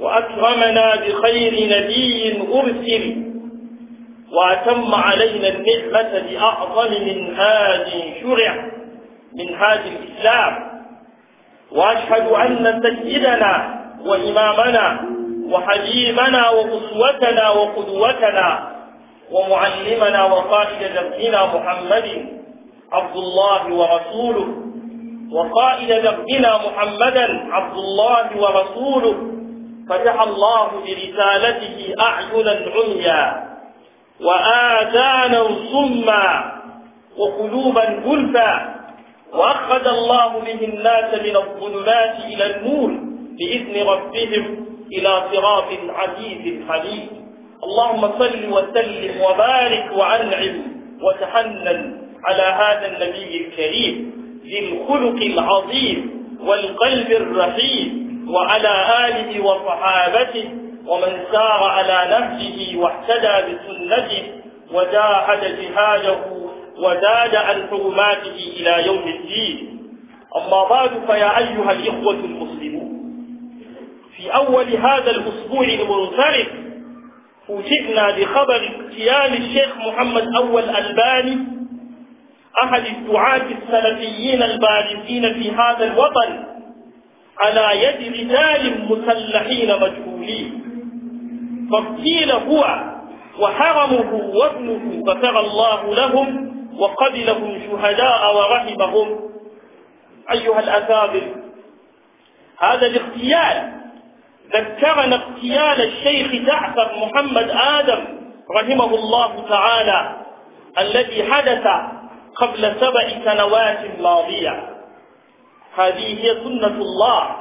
وأكرمنا بخير نبي أرسل وأتم علينا النعمة بأعظم منهاج شرع منهاج الإسلام وأشهد أن سيدنا وإمامنا وحبيبنا وأسوتنا وقدوتنا ومعلمنا وقائد دربنا محمد عبد الله ورسوله وقائد دربنا محمدا عبد الله ورسوله فتح الله برسالته أعينا عميا وآذانا صما وقلوبا غلفا وأخذ الله به الناس من الظلمات إلى النور بإذن ربهم إلى صراط عزيز حميد اللهم صل وسلم وبارك وأنعم وتحنن على هذا النبي الكريم ذي الخلق العظيم والقلب الرحيم وعلى آله وصحابته ومن سار على نهجه واهتدى بسنته وجاهد جهاده وزاد عن حرماته إلى يوم الدين أما بعد فيا أيها الإخوة المسلمون في أول هذا الأسبوع المنصرف فوجئنا بخبر اغتيال الشيخ محمد أول الباني أحد الدعاة السلفيين البارزين في هذا الوطن على يد رجال مسلحين مجهولين فقيل هو وحرمه وابنه غفر الله لهم وقبلهم شهداء ورحمهم أيها الأكابر هذا الاغتيال ذكرنا اغتيال الشيخ جعفر محمد آدم رحمه الله تعالى الذي حدث قبل سبع سنوات ماضية هذه هي سنة الله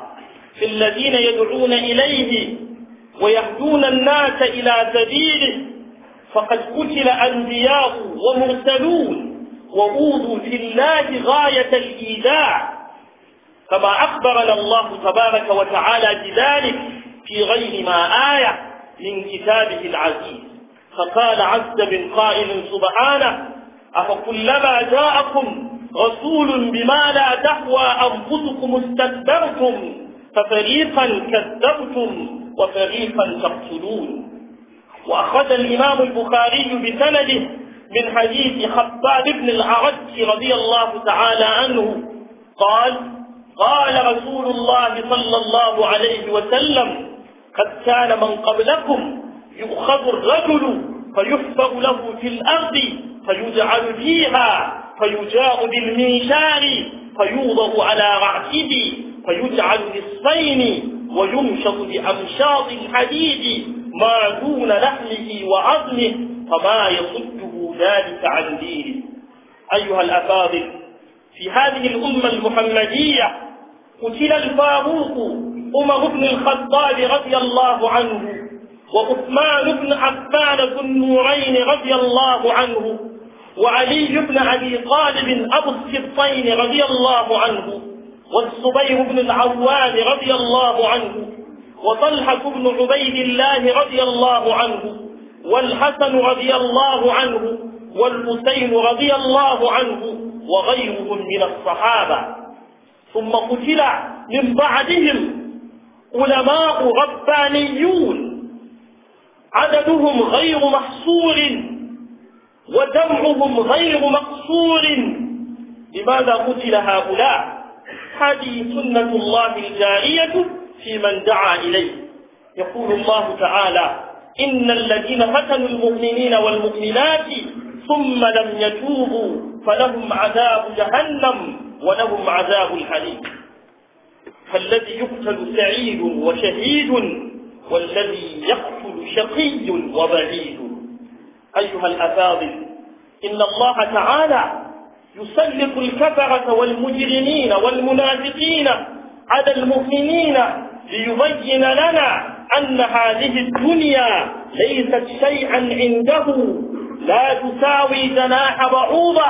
في الذين يدعون إليه ويهدون الناس إلى سبيله فقد قتل أنبياء ومرسلون وأوذوا في الله غاية الإيذاء كما أخبرنا الله تبارك وتعالى بذلك في غير ما آية من كتابه العزيز فقال عز من قائل سبحانه أفكلما جاءكم رسول بما لا تهوى أنفسكم استكبرتم ففريقا كذبتم وفريقا تقتلون وأخرج الإمام البخاري بسنده من حديث خباب بن العرج رضي الله تعالى عنه قال قال رسول الله صلى الله عليه وسلم قد كان من قبلكم يؤخذ الرجل فيحفر له في الأرض فيجعل فيها فيجاء بالمنشار فيوضع على رأسه فيجعل نصفين ويمشط بأمشاط الحديد ما دون لحمه وعظمه فما يصده ذلك عن دينه أيها الأفاضل في هذه الأمة المحمدية قتل الفاروق عمر بن الخطاب رضي الله عنه وعثمان بن عفان ذو النورين رضي الله عنه وعلي بن أبي طالب أبو السبطين رضي الله عنه والزبير بن العوام رضي الله عنه وطلحة بن عبيد الله رضي الله عنه والحسن رضي الله عنه والحسين رضي الله عنه وغيرهم من الصحابة ثم قتل من بعدهم علماء ربانيون عددهم غير محصور ودمعهم غير مقصور لماذا قتل هؤلاء هذه سنة الله الجارية في من دعا إليه يقول الله تعالى إن الذين فتنوا المؤمنين والمؤمنات ثم لم يتوبوا فلهم عذاب جهنم ولهم عذاب الحريق فالذي يقتل سعيد وشهيد والذي يقتل شقي وبعيد أيها الأفاضل إن الله تعالى يسلط الكفرة والمجرمين والمنافقين على المؤمنين ليبين لنا أن هذه الدنيا ليست شيئا عنده لا تساوي جناح بعوضة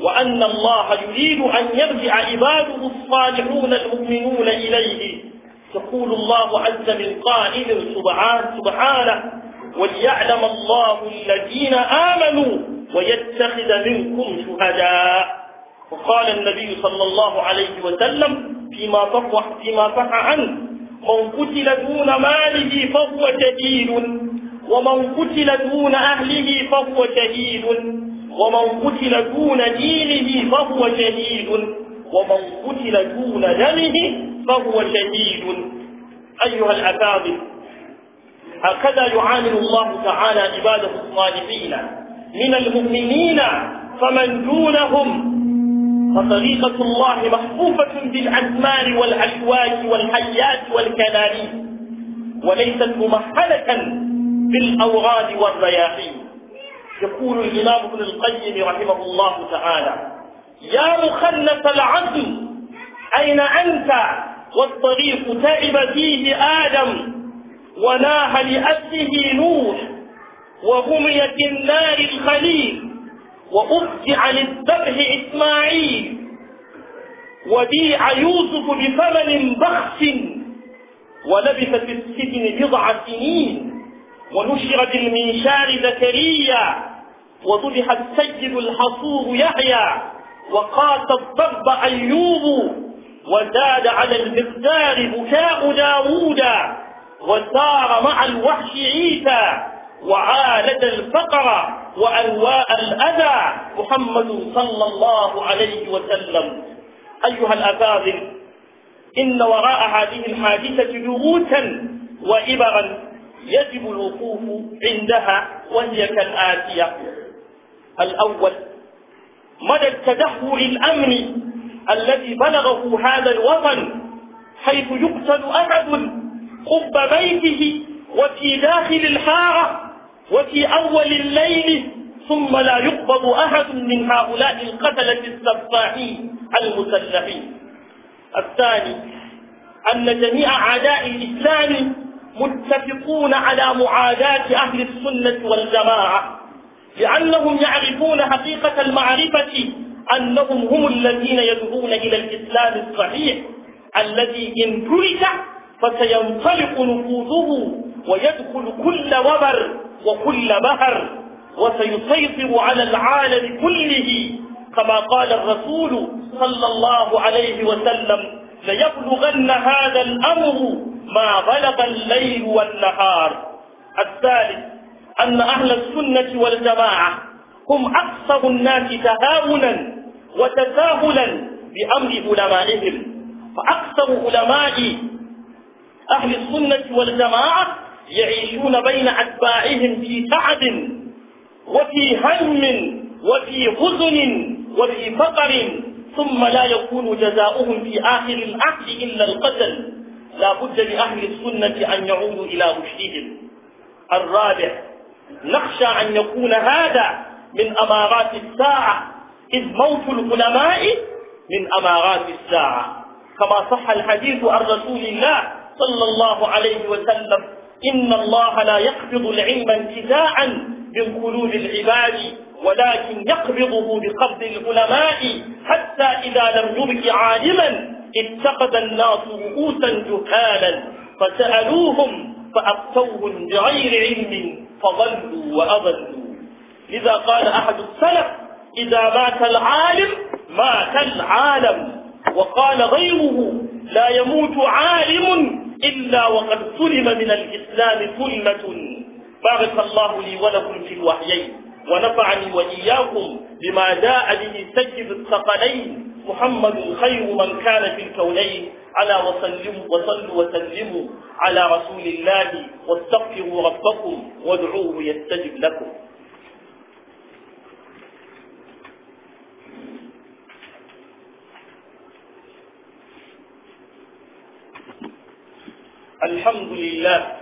وأن الله يريد أن يرجع عباده الصالحون المؤمنون إليه يقول الله عز من قائل سبحانه وليعلم الله الذين آمنوا ويتخذ منكم شهداء وقال النبي صلى الله عليه وسلم فيما صح فيما صح عنه من قتل دون ماله فهو شهيد ومن قتل دون أهله فهو شهيد ومن قتل دون دينه فهو شهيد ومن قتل دون دمه فهو شهيد أيها الأفاضل هكذا يعامل الله تعالى عباده الصالحين من المؤمنين فمن دونهم فطريقة الله محفوفة بالأثمار والأشواك والحيات والكناريس وليست ممهلة بالأوراد والرياحين يقول الإمام ابن القيم رحمه الله تعالى يا مخلف العدل أين أنت والطريق تعب فيه آدم وناح لأبده نوح وغميت النار الخليل وأفزع للذبح إسماعيل وبيع يوسف بثمن بخس ولبث في السجن بضع سنين ونشر بالمنشار زكريا وذبح السيد الحصور يحيى وقاس الضرب أيوب وزاد على المقدار بكاء داوود وسار مع الوحش عيسى وعالج الفقر وأنواء الأذى محمد صلى الله عليه وسلم أيها الأفاضل إن وراء هذه الحادثة دروسا وإبرا يجب الوقوف عندها وهي كالآتية الأول مدى التدهور الأمني الذي بلغه هذا الوطن حيث يقتل أحد قب بيته وفي داخل الحارة وفي أول الليل ثم لا يقبض أحد من هؤلاء القتلة السفاحين المسلحين الثاني أن جميع أعداء الإسلام متفقون على معاداة أهل السنة والجماعة لأنهم يعرفون حقيقة المعرفة أنهم هم الذين يدعون إلى الإسلام الصحيح الذي إن ترك فسينطلق نفوذه ويدخل كل وبر وكل بهر وسيسيطر على العالم كله كما قال الرسول صلى الله عليه وسلم ليبلغن هذا الأمر ما بلغ الليل والنهار الثالث أن أهل السنة والجماعة هم أكثر الناس تهاونا وتساهلا بأمر علمائهم فأكثر علماء أهل السنة والجماعة يعيشون بين أتباعهم في تعب وفي هم وفي حزن وفي فقر ثم لا يكون جزاؤهم في آخر العهد إلا القتل لا بد لأهل السنة أن يعودوا إلى رشدهم الرابع نخشى أن يكون هذا من أمارات الساعة إذ موت العلماء من أمارات الساعة كما صح الحديث عن رسول الله صلى الله عليه وسلم إن الله لا يقبض العلم انتزاعا من قلوب العباد ولكن يقبضه بقبض العلماء حتى إذا لم يبق عالما اتخذ الناس رؤوسا جهالا فسألوهم فأفتوهم بغير علم فضلوا وأضلوا لذا قال أحد السلف إذا مات العالم مات العالم وقال غيره لا يموت عالم إلا وقد سلم من الإسلام سلمة بارك الله لي ولكم في الوحيين ونفعني وإياكم بما جاء به سيد الثقلين محمد خير من كان في الكونين على وسلموا وصلوا وسلموا على رسول الله واستغفروا ربكم وادعوه يستجب لكم الحمد لله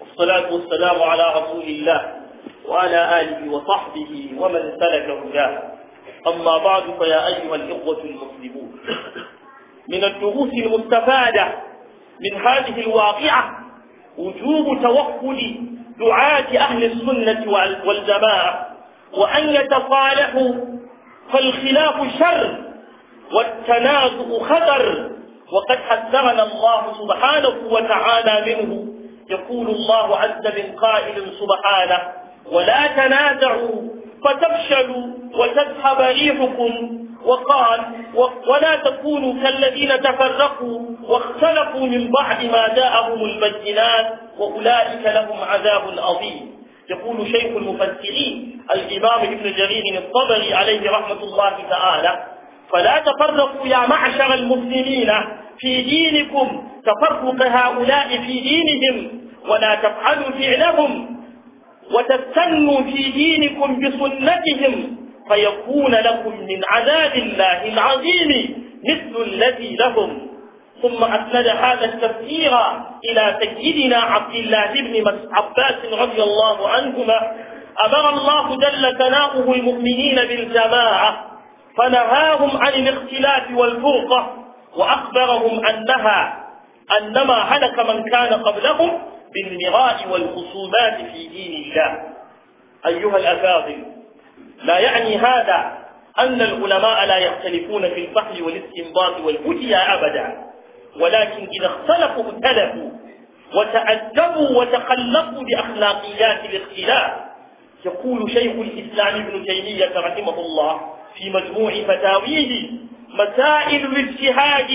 والصلاة والسلام على رسول الله وعلى آله وصحبه ومن سلك هداه أما بعد فيا أيها الإخوة المسلمون من الدروس المستفادة من هذه الواقعة وجوب توكل دعاة أهل السنة والجماعة وأن يتصالحوا فالخلاف شر والتنازع خطر وقد حذرنا الله سبحانه وتعالى منه يقول الله عز من قائل سبحانه ولا تنازعوا فتفشلوا وتذهب ريحكم وقال ولا تكونوا كالذين تفرقوا واختلفوا من بعد ما جاءهم البينات وأولئك لهم عذاب عظيم يقول شيخ المفسرين الإمام ابن جرير الطبري عليه رحمة الله تعالى فلا تفرقوا يا معشر المسلمين في دينكم تفرق هؤلاء في دينهم ولا تفعلوا فعلهم وتستنوا في دينكم بسنتهم فيكون لكم من عذاب الله العظيم مثل الذي لهم ثم أسند هذا التفسير إلى سيدنا عبد الله بن عباس رضي الله عنهما أمر الله جل ثناؤه المؤمنين بالجماعة فنهاهم عن الاختلاف والفرقة وأخبرهم أنها أنما هلك من كان قبلهم بالمراء والخصومات في دين الله أيها الأفاضل لا يعني هذا أن العلماء لا يختلفون في الفحل والاستنباط والهدية أبدا ولكن إذا اختلفوا اختلفوا وتأدبوا وتخلقوا بأخلاقيات الاختلاف يقول شيخ الإسلام ابن تيمية رحمه الله في مجموع فتاويه مسائل الاجتهاد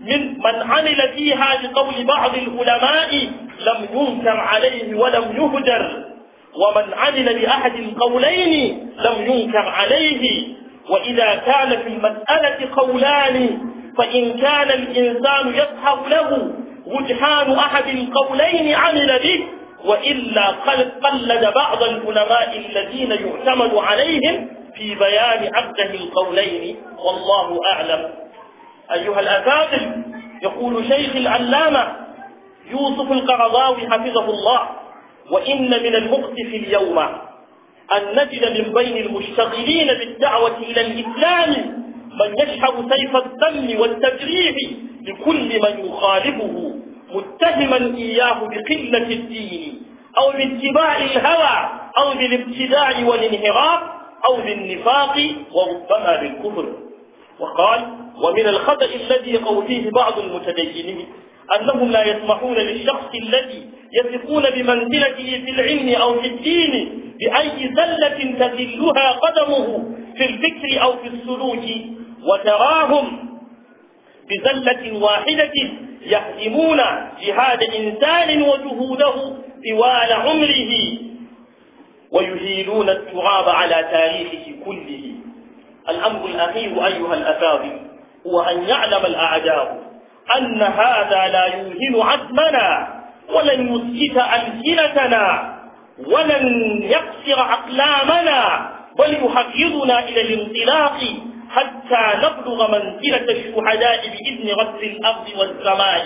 من من عمل فيها بقول بعض العلماء لم ينكر عليه ولم يهدر ومن عمل بأحد القولين لم ينكر عليه وإذا كان في المسألة قولان فإن كان الإنسان يظهر له وجهان أحد القولين عمل به وإلا قد قلد بعض العلماء الذين يعتمد عليهم في بيان عبده القولين والله أعلم أيها الأساتذة يقول شيخ العلامة يوسف القرضاوي حفظه الله وإن من المؤسف اليوم أن نجد من بين المشتغلين بالدعوة إلى الإسلام من يشحب سيف الدم والتجريح لكل من يخالفه متهما إياه بقلة الدين أو باتباع الهوى أو بالابتداع والانحراف أو بالنفاق وربما بالكفر وقال ومن الخطأ الذي يقول فيه بعض المتدينين أنهم لا يسمحون للشخص الذي يثقون بمنزلته في العلم أو في الدين بأي زلة تذلها قدمه في الفكر أو في السلوك وتراهم بزلة واحدة يهدمون جهاد إنسان وجهوده طوال عمره ويهيلون التراب على تاريخه كله الأمر الأخير أيها الأفاضل هو أن يعلم الأعداء أن هذا لا يوهن عزمنا ولن يسكت ألسنتنا ولن يقصر أقلامنا بل يحرضنا إلى الانطلاق حتى نبلغ منزلة الشهداء بإذن رب الأرض والسماء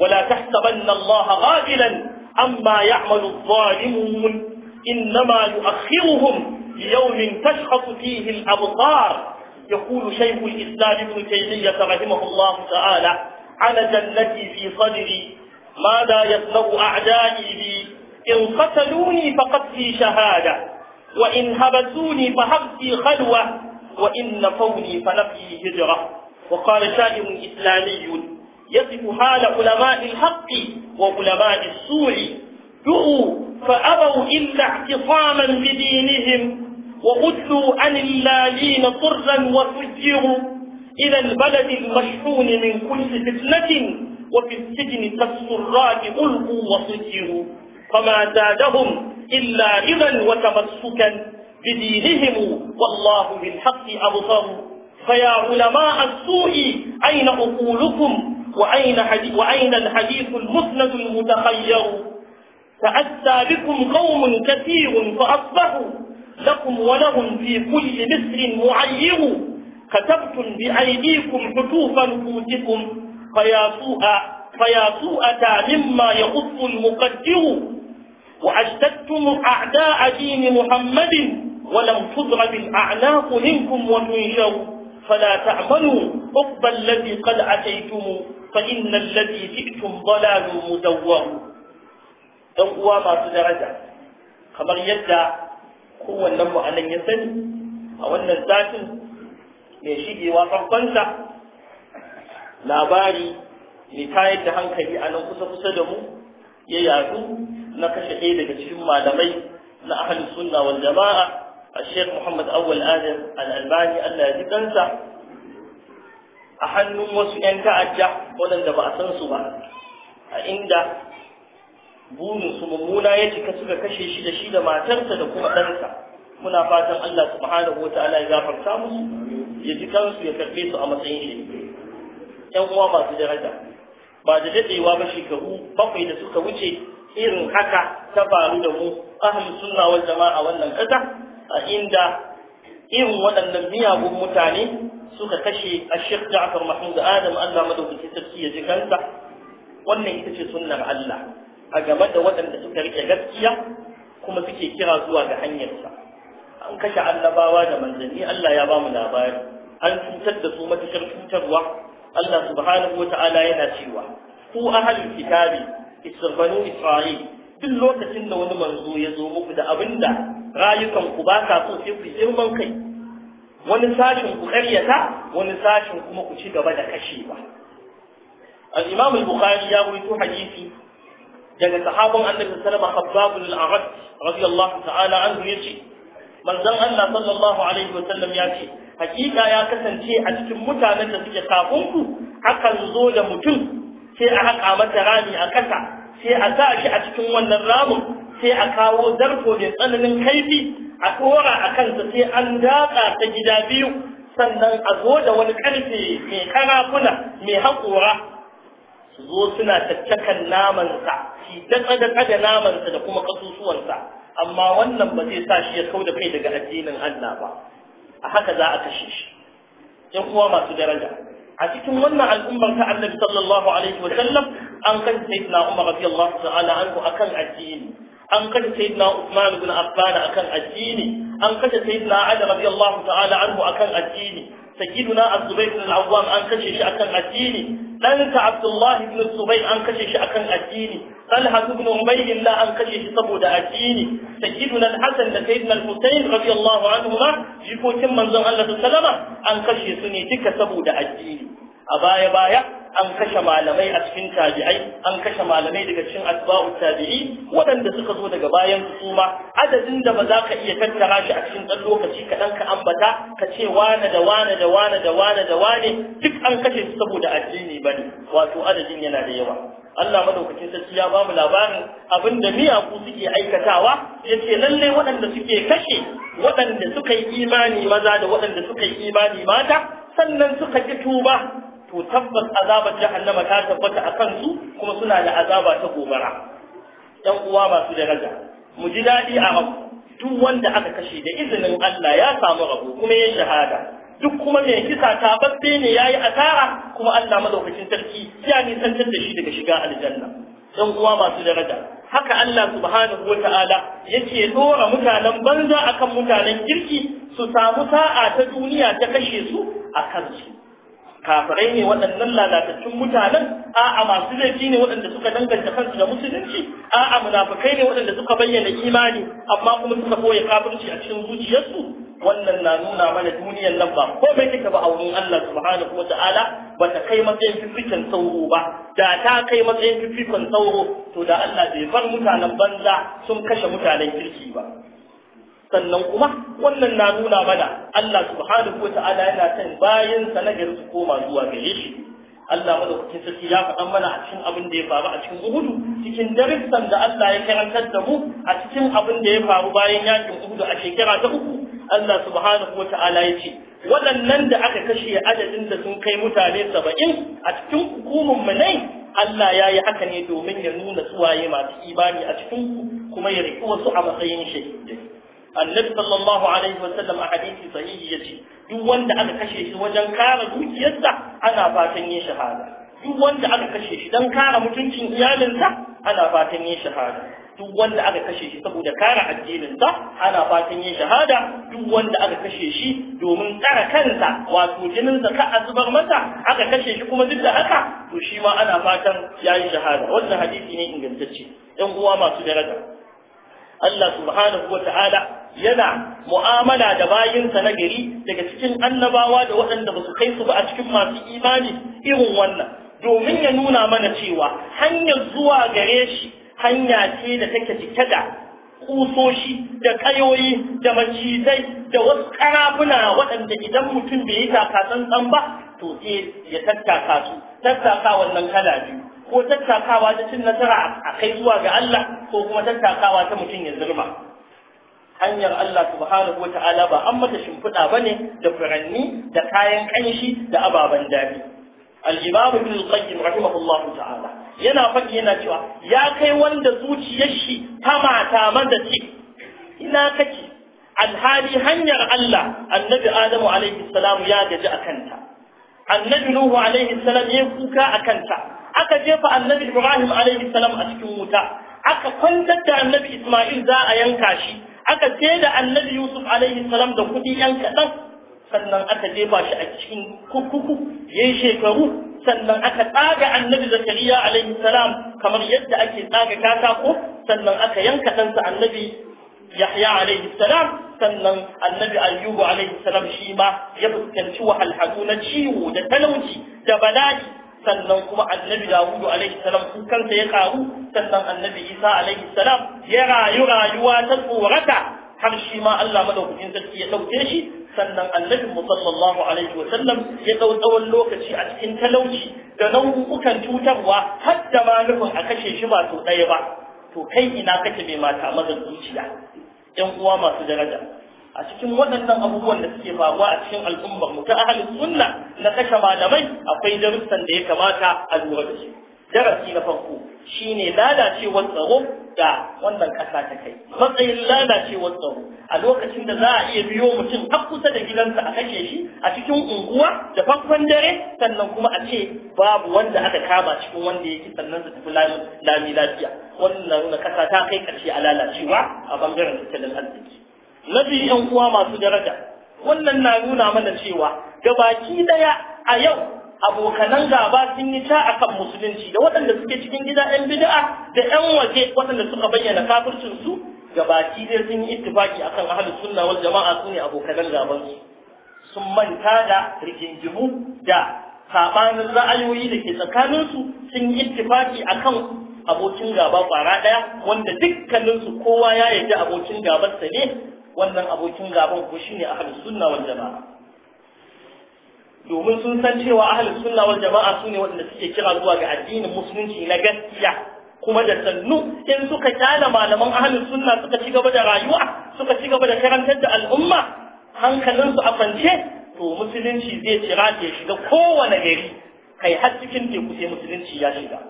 ولا تحسبن الله غافلا عما يعمل الظالمون إنما يؤخرهم ليوم تشخص فيه الأبصار يقول شيخ الإسلام ابن تيمية رحمه الله تعالى على جنتي في صدري ماذا يصنع أعدائي بي إن قتلوني فقد في شهادة وإن هبسوني فهب في خلوة وإن قولي فنفي هجرة وقال شاعر إسلامي يصف حال علماء الحق وعلماء السوء دعوا فأبوا إلا اعتصاما بدينهم وغدوا عن اللالين طرا وفجروا إلى البلد المشحون من كل فتنة وفي السجن كالسرات ألقوا وفجروا فما زادهم إلا إذا وتمسكا بدينهم والله بالحق أبصر فيا علماء السوء أين أقولكم وأين, الحديث, وأين الحديث المسند المتخير تأتى بكم قوم كثير فأصبحوا لكم ولهم في كل مصر معير كتبتم بأيديكم حتوف نفوسكم فيا سوء فيا سوءة مما يخص المقدر وأشتدتم أعداء دين محمد ولم تضرب الأعناق منكم وتنشروا فلا تعملوا عقبى الذي قد أتيتم فإن الذي جئتم ضلال مدور ɗan uwa masu daraja kamar yadda kowannen mu anan ya sani a wannan satin mai shigewa farkonsa labari mai tayar da hankali a nan kusa-kusa da mu ya yadu na kashe ɗaya daga cikin malamai na ahalin sunna wal jama'a الشيخ محمد أول آدم الألباني الله a أحنم wasu 'yan ولن waɗanda ba عند san su mummuna ya cika suka kashe shi da shi da matarsa da kuma ɗansa muna fatan Allah subhanahu wa ta'ala ya gafarta musu ya ji kansu ya karɓe su a matsayin shi ƴan uwa masu daraja ba da daɗewa ba shekaru bakwai da suka wuce irin haka ta faru da mu ahli sunna wal jama'a wannan ƙasa a inda irin waɗannan miyagun mutane suka kashe a Sheikh Ja'far Mahmud Adam Allah sarki ya ji kansa wannan ita ce sunnar Allah a game da waɗanda suka rike gaskiya kuma suke kira zuwa ga hanyarsa an kashe annabawa da manzanni Allah ya ba mu labari an cutar da su matakar cutarwa Allah subhanahu wa ta'ala yana cewa ku ahalin kitabi isbanu isra'il duk lokacin da wani manzo ya zo muku da abinda Rayukanku ku ba ka so sai ku girman kai wani sashin ku karyata wani sashin kuma ku ci gaba da kashewa al-imam al-bukhari ya rawaito hadisi daga sahabban annabi sallallahu alaihi wasallam khabbab al-arad radiyallahu ta'ala anhu yace manzon Allah sallallahu alaihi wasallam ya ce hakika ya kasance a cikin mutanen da suke kafin ku akan zo da mutum sai aka haƙa rami a ƙasa sai a sa shi a cikin wannan ramin sai a kawo zarko mai tsananin kaifi a kora a kansa sai an daka ta gida biyu sannan a zo da wani karfe mai karafuna mai haƙora su zo suna tattakan namansa shi daɗa da namansa da kuma kasusuwansa amma wannan ba zai sa shi ya kau da kai daga addinin Allah ba a haka za a kashe shi ƴan uwa masu daraja a cikin wannan al'ummar ta annabi sallallahu alaihi wa sallam an kan sayyidina umar radiyallahu ta'ala anhu akan addini an kashe sayyidina Usman ibn Affan akan addini an kashe sayyidina Ali radiyallahu ta'ala anhu akan addini sayyiduna Az-Zubayr ibn al-Awwam an kashe shi akan addini ɗanta Abdullah ibn Zubayr an kashe shi akan addini Talha ibn Umayyah an kashe shi saboda addini sayyiduna Al-Hasan da sayyidina Al-Husayn radiyallahu anhu ma jikokin manzon Allah sallallahu alaihi wasallam an kashe su ne duka saboda addini a baya baya an kashe malamai a cikin tabi'ai an kashe malamai daga cikin asba'u tabi'i waɗanda suka zo daga bayan su ma adadin da ba za ka iya tattara shi a cikin ɗan lokaci kaɗan ka ambata ka ce wane da wane da wane da wane da wane duk an kashe su saboda addini ne, wato adadin yana da yawa Allah madaukakin sarki ya mu labarin abin da miyaku suke aikatawa yace lallai waɗanda suke kashe waɗanda suka yi imani maza da waɗanda suka yi imani mata sannan suka ki tuba to tabbas azabar jahannama ta tabbata a kansu kuma suna da azaba ta gobara ɗan uwa masu daraja mu ji daɗi a rabu duk wanda aka kashe da izinin Allah ya samu rabo kuma ya shahada duk kuma mai kisa ta babbe ne yayi asara kuma Allah madaukakin sarki ya nisantar da shi daga shiga aljanna ɗan uwa masu daraja haka Allah subhanahu wa ta'ala yake dora mutanen banza akan mutanen kirki su samu sa'a ta duniya ta kashe su a kansu kafirai ne waɗannan lalatattun mutanen a'a masu laifi ne waɗanda suka danganta kansu da musulunci a'a munafukai ne waɗanda suka bayyana imani amma kuma suka koya kafirci a cikin zuciyarsu wannan na nuna mana duniyar nan ba ko bai take ba a wurin Allah subhanahu wata'ala ba ta kai matsayin fifikan sauro ba da ta kai matsayin fifikon sauro to da Allah bai bar mutanen banza sun kashe mutanen kirki ba sannan kuma wannan na nuna mana Allah subhanahu wa ta'ala yana bayan bayansa na gari su koma zuwa gare shi Allah madaukakin sarki ya faɗan mana a cikin abin da ya faru a cikin Uhudu cikin darussan da Allah ya karantar da mu a cikin abin da ya faru bayan yakin Uhudu a shekara ta uku Allah subhanahu wa ya ce waɗannan da aka kashe adadin da sun kai mutane saba'in a cikin mu ne? Allah ya yi haka ne domin ya nuna suwaye masu imani a cikin kuma ya riƙi wasu a matsayin shaidai annabi sallallahu alaihi sallam, a hadisi sahihi yace duk wanda aka kashe shi wajen kare dukiyarsa ana fatan yin shahada duk wanda aka kashe shi dan kare mutuncin iyalinsa ana fatan yin shahada duk wanda aka kashe shi saboda kare addininsa ana fatan yin shahada duk wanda aka kashe shi domin tsara kansa wato jininsa ka a zubar masa aka kashe shi kuma duk da haka to shi ma ana fatan yayi shahada wannan hadisi ne ingantacce yan uwa masu daraja Allah subhanahu wa ta'ala yana mu'amala da bayinsa na gari daga cikin annabawa da waɗanda ba su kai su ba a cikin masu imani irin wannan domin ya nuna mana cewa hanyar zuwa gare shi hanya ce da take cike da kusoshi da kayoyi da macizai da wasu karafuna waɗanda idan mutum bai yi takasan ba to sai ya tattaka su tattaka wannan kala biyu ko tattakawa ta cin nasara a kai zuwa ga Allah ko kuma tattakawa ta mutum ya zurma hanyar Allah subhanahu wa ta'ala ba an mata shimfiɗa ba ne da furanni da kayan ƙanshi da ababen daɗi. Alibabu bin al-qayyim rahimahullahu ta'ala yana faɗi yana cewa ya kai wanda zuciyar shi ta mata manda ce ina kake alhali hanyar Allah annabi Adamu alaihi salam ya gaji a kanta annabi Nuhu alaihi salam ya kuka a kanta aka jefa annabi Ibrahim alaihi salam a cikin wuta aka kwantar da annabi Ismail za a yanka shi aka ce da annabi yusuf alaihi salam da kuɗi yan kaɗan sannan aka jefa shi a cikin kukuku yayi shekaru sannan aka tsaga annabi zakariya alaihi salam kamar yadda ake tsaga katako sannan aka yanka ɗansa annabi yahya alaihi salam sannan annabi ayyubu alaihi salam shi ma ya fuskanci wahalhalu na ciwo da talauci da bala'i sannan kuma annabi dawudu alaihi salam kukansa ya karu sannan annabi isa alaihi salam ya rayu rayuwa ta tsorata har shi ma Allah madaukakin sarki ya dauke shi sannan annabi sallallahu alaihi wa sallam ya dau tsawon lokaci a cikin talauci da nau'ukan cutarwa har da ma nufin a kashe shi ba sau ɗaya ba to kai ina kake mai mata mazan zuciya 'yan uwa masu daraja a cikin waɗannan abubuwan da suke faruwa a cikin al'ummar mu ta ahalin sunna na kashe malamai akwai darussan da ya kamata a lura da shi. darasi na farko shine lalacewar tsaro da wannan ƙasa ta kai matsayin lalacewar tsaro a lokacin da za a iya biyo mutum har kusa da gidansa a kashe shi a cikin unguwa da farkon dare sannan kuma a ce babu wanda aka kama cikin wanda yake sannan su tafi lami lafiya wannan na ƙasa ta kai ƙarshe a lalacewa a bangaren tattalin arziki na biyu yan uwa masu daraja wannan na nuna mana cewa gabaki daya a yau abokanan gaba sun yi ta akan musulunci da waɗanda suke cikin gida yan bid'a da yan waje waɗanda suka bayyana kafircin su gabaki dai sun yi ittifaki akan ahlus sunna wal jama'a su ne abokanan gaban su sun manta da rigingimu da sabanin ra'ayoyi da ke tsakaninsu sun yi ittifaki akan abokin gaba kwara ɗaya wanda dukkaninsu kowa ya yarda abokin gabarsa ne wannan abokin gaban ku shine ahlus sunna wal jamaa domin sun san cewa ahlus sunna wal jamaa sune waɗanda suke kira zuwa ga addinin musulunci na gaskiya kuma da sannu in suka kyala malaman ahlus sunna suka ci gaba da rayuwa suka ci gaba da karantar da al'umma hankalinsu a kwance to musulunci zai cira ya shiga kowane gari kai har cikin teku sai musulunci ya shiga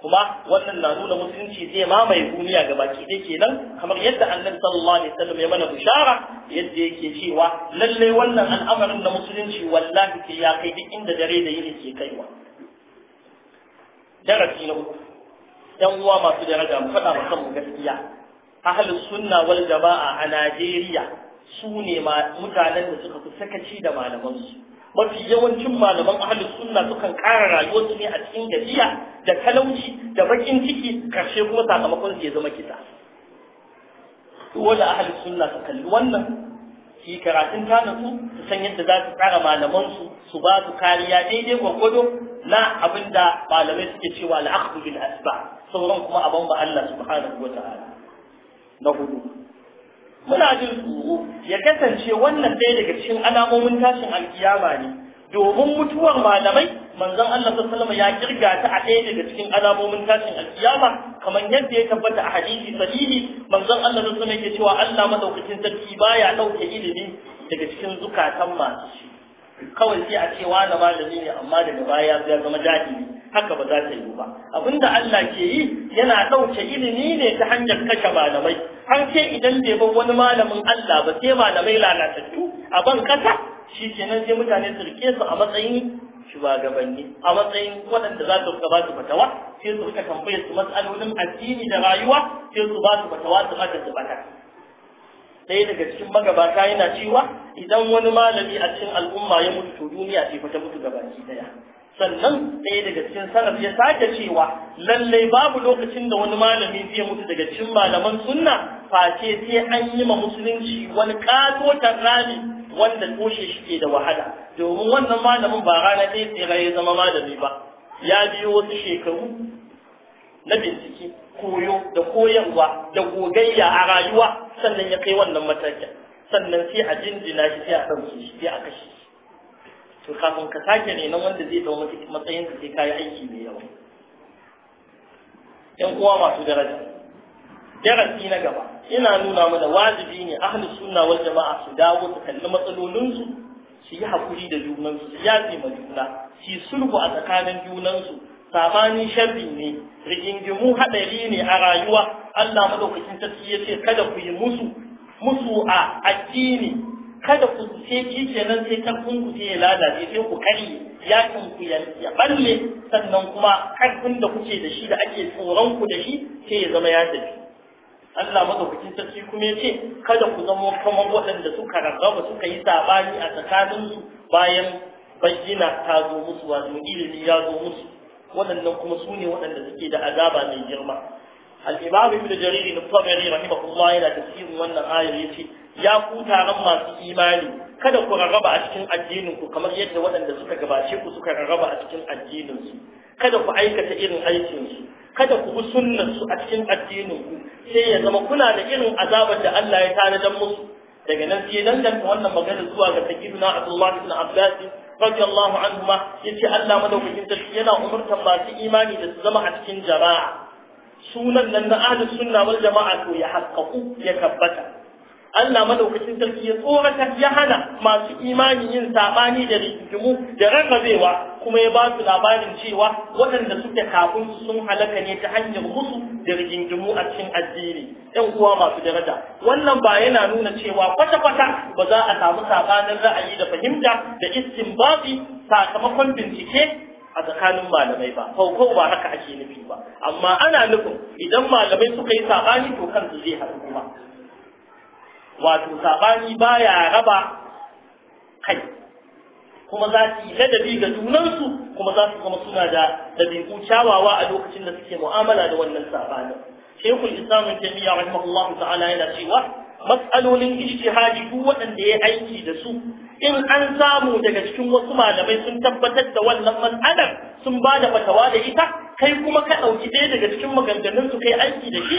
kuma wannan na nuna musulunci zai mamaye duniya ga baki ɗaya kenan kamar yadda annabi sallallahu alaihi wasallam ya mana bishara yadda yake cewa lalle wannan al'amarin na musulunci wallahi sai ya kai duk inda dare da yini ke kaiwa darasi na uku yan uwa masu daraja mu faɗa wa mu gaskiya ahlus sunna wal jama'a a Najeriya su ne mutanen da suka fi sakaci da malamansu mafi yawancin malaman ahlus sunna sukan ƙara rayuwarsu ne a cikin gajiya da talauci da bakin ciki karshe kuma sakamakon su ya zama kisa wanda ahlus sunna su kalli wannan su yi karatun tanasu su san yadda za su tsara malamansu su ba su kariya daidai gwargwado na abin da malamai suke cewa al'aqdu bil asba sauran kuma abin ba Allah subhanahu wa ta'ala na hudu muna jin tsoro ya kasance wannan ɗaya daga cikin alamomin tashin alkiyama ne domin mutuwar malamai manzon Allah sallallahu ya kirga ta a ɗaya daga cikin alamomin tashin alkiyama kamar yadda ya tabbata a hadisi sahihi manzon Allah sallallahu alaihi yake cewa Allah madaukakin sarki baya dauke ilimi daga cikin zukatan masu kawai sai a ce na malami ne amma daga baya ya zama jahili haka ba za ta yi ba abinda Allah ke yi yana ɗauke ilimi ne ta hanyar kashe malamai har ce idan bai bar wani malamin Allah ba sai malamai lalatattu a ban kasa shi kenan sai mutane su rike su a matsayin shugabanni a matsayin waɗanda za su ba su fatawa sai su rika tambayar su matsalolin addini da rayuwa sai su ba su fatawa su mata su ɗaya daga cikin magabata yana cewa idan wani malami a cikin al'umma ya mutu to duniya ce fa ta mutu baki daya sannan ɗaya daga cikin salaf ya sake cewa lallai babu lokacin da wani malami zai mutu daga cikin malaman sunna face sai an yi ma musulunci wani katotar rami wanda toshe shi ke da wahala domin wannan malamin ba rana ɗaya tsira ya zama malami ba ya biyo wasu shekaru na bincike koyo da koyarwa da gogayya a rayuwa sannan ya kai wannan matakin sannan sai a jinjina shi sai a ɗauke shi sai a kashe shi to kafin ka sake neman wanda zai ɗau matsayin sai kayi aiki mai yawa Yan uwa masu daraja darasi na gaba ina nuna mana wajibi ne ahli sunna wal jama'a su dawo su kalli matsalolinsu su yi hakuri da junansu su yafe ma juna su yi sulhu a tsakanin junansu samani sharri ne rigingimu hadari ne a rayuwa Allah madaukakin sarki yace kada ku yi musu musu a addini kada ku sai nan sai karfin ku sai lada, sai ku kari yakin ku ya balle sannan kuma karfin da kuke da shi da ake tsoron ku da shi sai ya zama ya tafi Allah madaukakin sarki kuma yace kada ku zama kamar waɗanda suka rarraba suka yi sabani a tsakaninsu bayan bayyana ta zo musu wato ilimi ya zo musu waɗannan kuma su ne waɗanda suke da azaba mai girma al-imam ibn jarir ibn tabari rahimahullah yana tafsirin wannan ayar yace ya ku taron masu imani kada ku rarraba a cikin addinin ku kamar yadda waɗanda suka gabace ku suka rarraba a cikin addinin su kada ku aikata irin aikin su kada ku bi sunnar su a cikin addinin ku sai ya zama kuna da irin azabar da Allah ya tanadar musu daga nan sai danganta wannan magana zuwa ga sayyidina Abdullah ibn Abbas radiyallahu anhuma yace Allah madaukakin sarki yana umurtan masu imani da su zama a cikin jama'a sunan nan na ahlus sunna wal jama'a to ya haqqaqu ya tabbata Allah madaukakin sarki ya tsorata ya hana masu imani yin sabani da rigimu da rarrabewa kuma ya ba su labarin cewa waɗanda suke kafin sun halaka ne ta hanyar musu da rigingimu a cikin addini ɗan uwa masu daraja wannan ba yana nuna cewa kwata-kwata ba za a samu sabanin ra'ayi da fahimta da istinbabi sakamakon bincike a tsakanin malamai ba faukau ba haka ake nufi ba amma ana nufin idan malamai suka yi sabani to kansu zai haɗu kuma wato sabani baya raba kai kuma za su yi ladabi ga junansu kuma za su zama suna da dabi'u kyawawa a lokacin da suke mu'amala da wannan sabanin shekul islamun jami'a rahimahullahu ta'ala yana cewa matsalolin ijtihadi duk waɗanda ya aiki da su in an samu daga cikin wasu malamai sun tabbatar da wannan matsalar sun ba da fatawa da ita kai kuma ka ɗauki ɗaya daga cikin maganganunsu su kai aiki da shi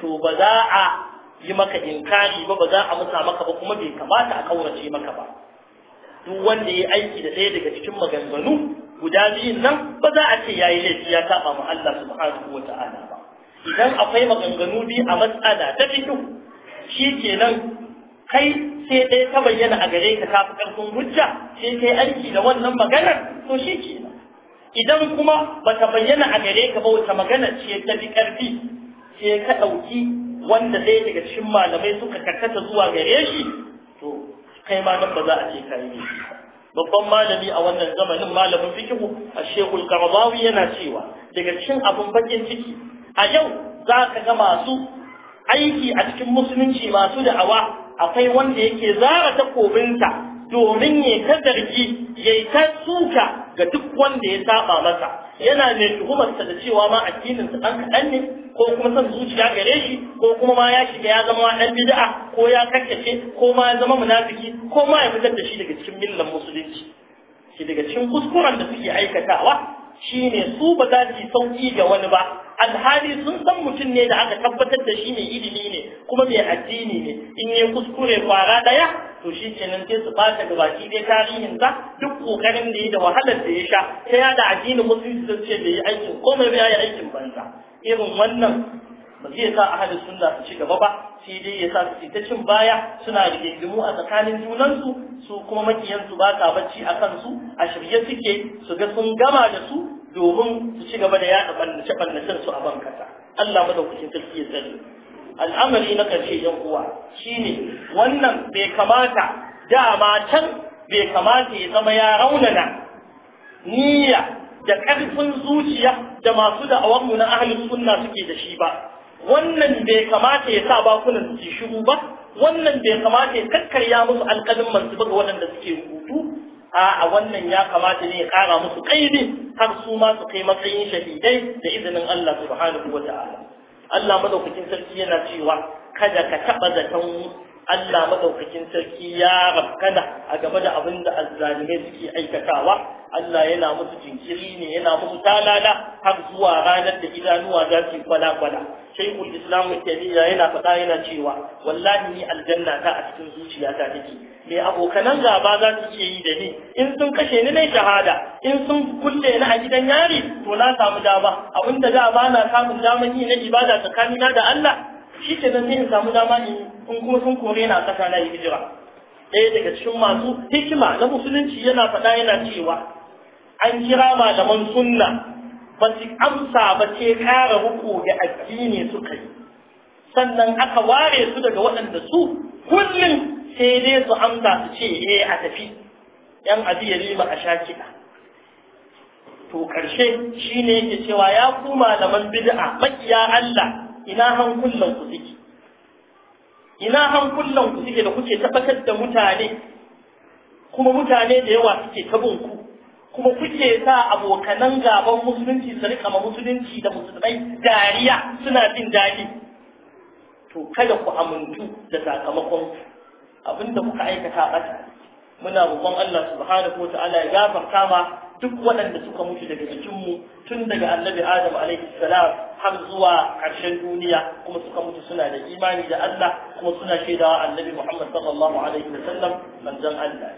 to ba za a yi maka inkari ba ba za a musa maka ba kuma bai kamata a kaurace maka ba duk wanda ya aiki da ɗaya daga cikin maganganu guda biyun nan ba za a ce yi laifi ya saba ma Allah subhanahu wa ta'ala ba idan akwai maganganu biyu a matsala ta ke nan kai sai ɗaya ka bayyana a gare ka kafi karfin hujja sai kai aiki da wannan maganar to nan. idan kuma bata bayyana a gare ka ba wata maganar ce ta fi karfi sai ka ɗauki wanda ɗaya daga cikin malamai suka karkata zuwa gare shi to kai ma nan ba za a ce kai ne babban malami a wannan zamanin malamin fikihu a shekul karabawi yana cewa daga cikin abin bakin ciki a yau za ka ga masu aiki a cikin musulunci masu da'awa akwai wanda yake zara takobinta domin ya ta zargi ya ta suka ga duk wanda ya saba masa yana mai tuhumarsa da cewa ma addinin sa dan kaɗan ne ko kuma son zuciya gare shi ko kuma ma ya shiga ya zama dan bid'a ko ya kakkace ko ma ya zama munafiki ko ma ya fitar da shi daga cikin millan musulunci shi daga cikin kuskuren da suke aikatawa shine su ba za su yi sauki ga wani ba alhali sun san mutum ne da aka tabbatar da shi mai ilimi ne kuma mai addini ne in ya kuskure kwara ɗaya? to shi kenan sai su bata ga baki dai tarihin sa duk kokarin da yi da wahalar da ya sha ta yada addinin musulunci da ce bai yi aikin komai bai yi aikin banza irin wannan ba zai sa ahalin sunna su ci gaba ba sai dai ya sa su ta cin baya suna rigingimu a tsakanin junansu su kuma makiyansu ba ka bacci a kansu a shirye suke su ga sun gama da su domin su ci gaba da yaɗa ɓallace ɓallacen su a ban kasa Allah madaukakin sarki ya sani al'amari na ƙarshe yan uwa shine wannan bai kamata dama can bai kamata ya zama ya raunana niyya da ƙarfin zuciya da masu da'awarmu na ahalin sunna suke da shi ba wannan bai kamata ya sa bakunan su ji shiru ba wannan bai kamata ya karkarya musu alƙalin mansu buga waɗanda suke rubutu a wannan ya kamata ne ya ƙara musu ƙaidi har su ma su kai matsayin shahidai da izinin Allah subhanahu wa ta'ala Allah madaukakin sarki yana cewa kada ka taɓa zaton Allah madaukakin sarki ya rabkada a game da abin da azzalimai suke aikatawa Allah yana musu jinkiri ne yana musu talala har zuwa ranar da idanuwa za su kwala kwala shaykhul islam tabiya yana faɗa yana cewa wallahi ni aljanna ta a cikin zuciya ta take me abokanan gaba za su ke yi da ni in sun kashe ni nai shahada in sun kulle ni a gidan yari to na samu dama abinda da ba na samun daman yi na ibada tsakanina da Allah shi ke nan sai in samu dama in in kuma sun kore na kasa na yi hijira ɗaya daga cikin masu hikima na musulunci yana faɗa yana cewa an kira malaman sunna ba su amsa ba ce ƙara ruku da addini suka yi sannan aka ware su daga waɗanda su kullum sai dai su amsa su ce eh a tafi yan ya ba a sha kiɗa to ƙarshe shine yake cewa ya ku malaman bid'a makiya Allah ina hankulan ku suke ina hankulan ku suke da kuke tabbatar da mutane kuma mutane da yawa suke tabin ku kuma kuke sa abokanan gaban musulunci su rika ma musulunci da musulmai dariya suna jin daɗi to kada ku amintu da sakamakon abinda kuka aikata a muna roƙon Allah subhanahu wa ta'ala ya gafarta ma duk waɗanda suka mutu daga cikinmu tun daga annabi adam alaihi salam har zuwa ƙarshen duniya kuma suka mutu suna da imani da Allah kuma suna shaidawa annabi Muhammad sallallahu alaihi wa sallam manzon Allah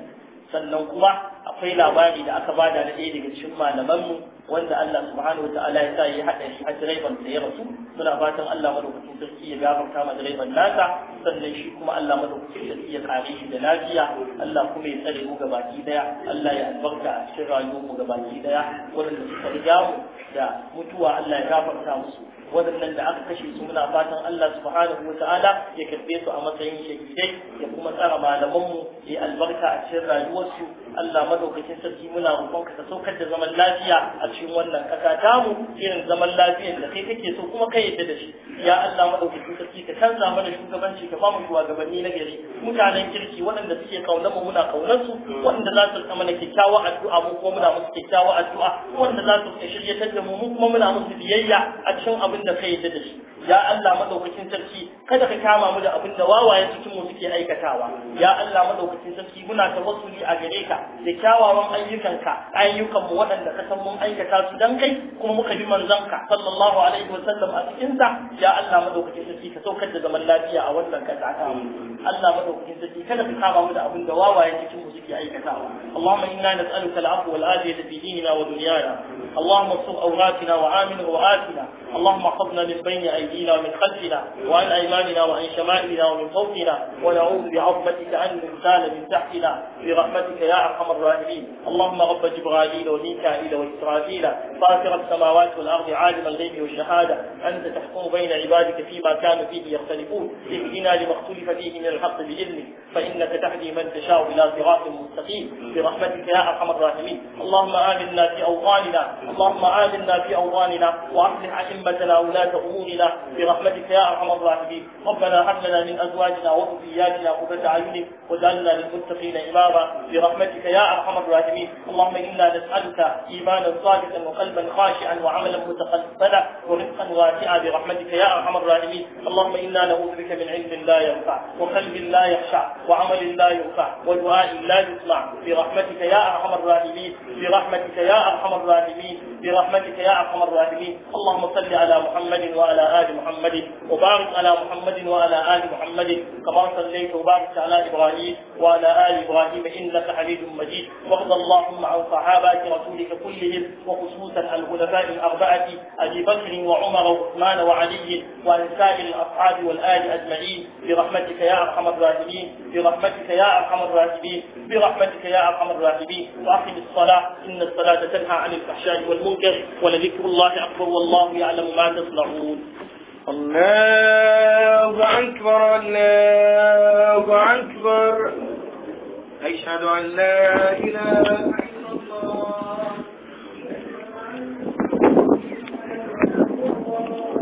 sannan kuma akwai labari da aka bada na ɗaya daga cikin malamanmu wanda Allah subhanahu wa ta'ala ya sa ya haɗa shi a direban da ya rasu muna fatan Allah madaukakin sarki ya gafarta ma direban nasa sannan shi kuma Allah madaukakin sarki iya kare shi da lafiya Allah kuma ya tsare mu gabaki daya Allah ya albarka a cikin rayuwar mu gabaki daya wanda suka riga mu da mutuwa Allah ya gafarta musu waɗannan da aka kashe su muna fatan Allah subhanahu wa ta'ala ya karbe su a matsayin shahidai ya kuma tsara malamanmu ya albarka a cikin rayuwarsu Allah madaukakin sarki muna roƙon ka saukar da zaman lafiya a cikin wannan ƙasa tamu irin zaman lafiyar da kai kake so kuma kai yadda da shi ya Allah madaukakin sarki ka canza mana shugabanci ka ba mu shugabanni na gari mutanen kirki waɗanda suke kaunar mu muna kaunar su waɗanda za su mana kyakkyawa addu'a mu kuma muna musu kyakkyawa addu'a waɗanda za su shiryatar da mu mu kuma muna musu biyayya a cikin abin abin da kai da shi ya Allah madaukakin sarki kada ka kama mu da abin da wawaye cikin mu suke aikatawa ya Allah madaukakin sarki muna tawassuli a gare ka da kyawawan ayyukanka ayyukan mu waɗanda ka san mun aikata su dan kai kuma muka bi manzanka sallallahu alaihi wa sallam a cikin sa ya Allah madaukakin sarki ka saukar da zaman lafiya a wannan kasa ta Allah madaukakin sarki kada ka kama mu da abin da wawaye cikin mu suke aikatawa Allahumma inna nas'aluka al-'afwa wal 'afiyata fi dinina wa dunyana اللهم اصف اولادنا وآمن واتنا اللهم احفظنا من بين أيدينا ومن خلفنا وعن أيماننا وعن شمائلنا ومن فوقنا ونعوذ بعظمتك أن الانسان من تحتنا برحمتك يا أرحم الراحمين اللهم رب جبرائيل وميكائيل واسرائيل فاطر السماوات والأرض عالم الغيب والشهادة أنت تحكم بين عبادك فيما كانوا فيه يختلفون اهدنا لما اختلف فيه من الحق بإذنك فإنك تهدي من تشاء إلى صراط مستقيم برحمتك يا أرحم الراحمين اللهم آمنا في أوطاننا اللهم عالمنا في أوطاننا وأصلح أئمتنا ولاة أمورنا برحمتك يا أرحم الراحمين ربنا هب لنا من أزواجنا وذرياتنا قرة أعين واجعلنا للمتقين إماما برحمتك يا أرحم الراحمين اللهم إنا نسألك إيمانا صادقا وقلبا خاشعا وعملا متقبلا ورزقا واسعا برحمتك يا أرحم الراحمين اللهم إنا نعوذ بك من علم لا ينفع وقلب لا يخشع وعمل لا ينفع ودعاء لا يسمع برحمتك يا أرحم الراحمين برحمتك يا أرحم الراحمين برحمتك يا ارحم الراحمين اللهم صل على محمد وعلى ال محمد وبارك على محمد وعلى ال محمد كما صليت وباركت على ابراهيم وعلى ال ابراهيم انك حميد مجيد وارض اللهم عن صحابه رسولك كلهم وخصوصا عن الخلفاء الاربعه ابي بكر وعمر وعثمان وعلي وعن سائر الاصحاب والال اجمعين برحمتك يا ارحم الراحمين برحمتك يا ارحم الراحمين برحمتك يا ارحم الراحمين واقم الصلاه ان الصلاه تنهى عن الفحشاء والمنكر ولذكر الله اكبر والله يعلم ما تصنعون الله اكبر الله اكبر اشهد ان لا اله الا الله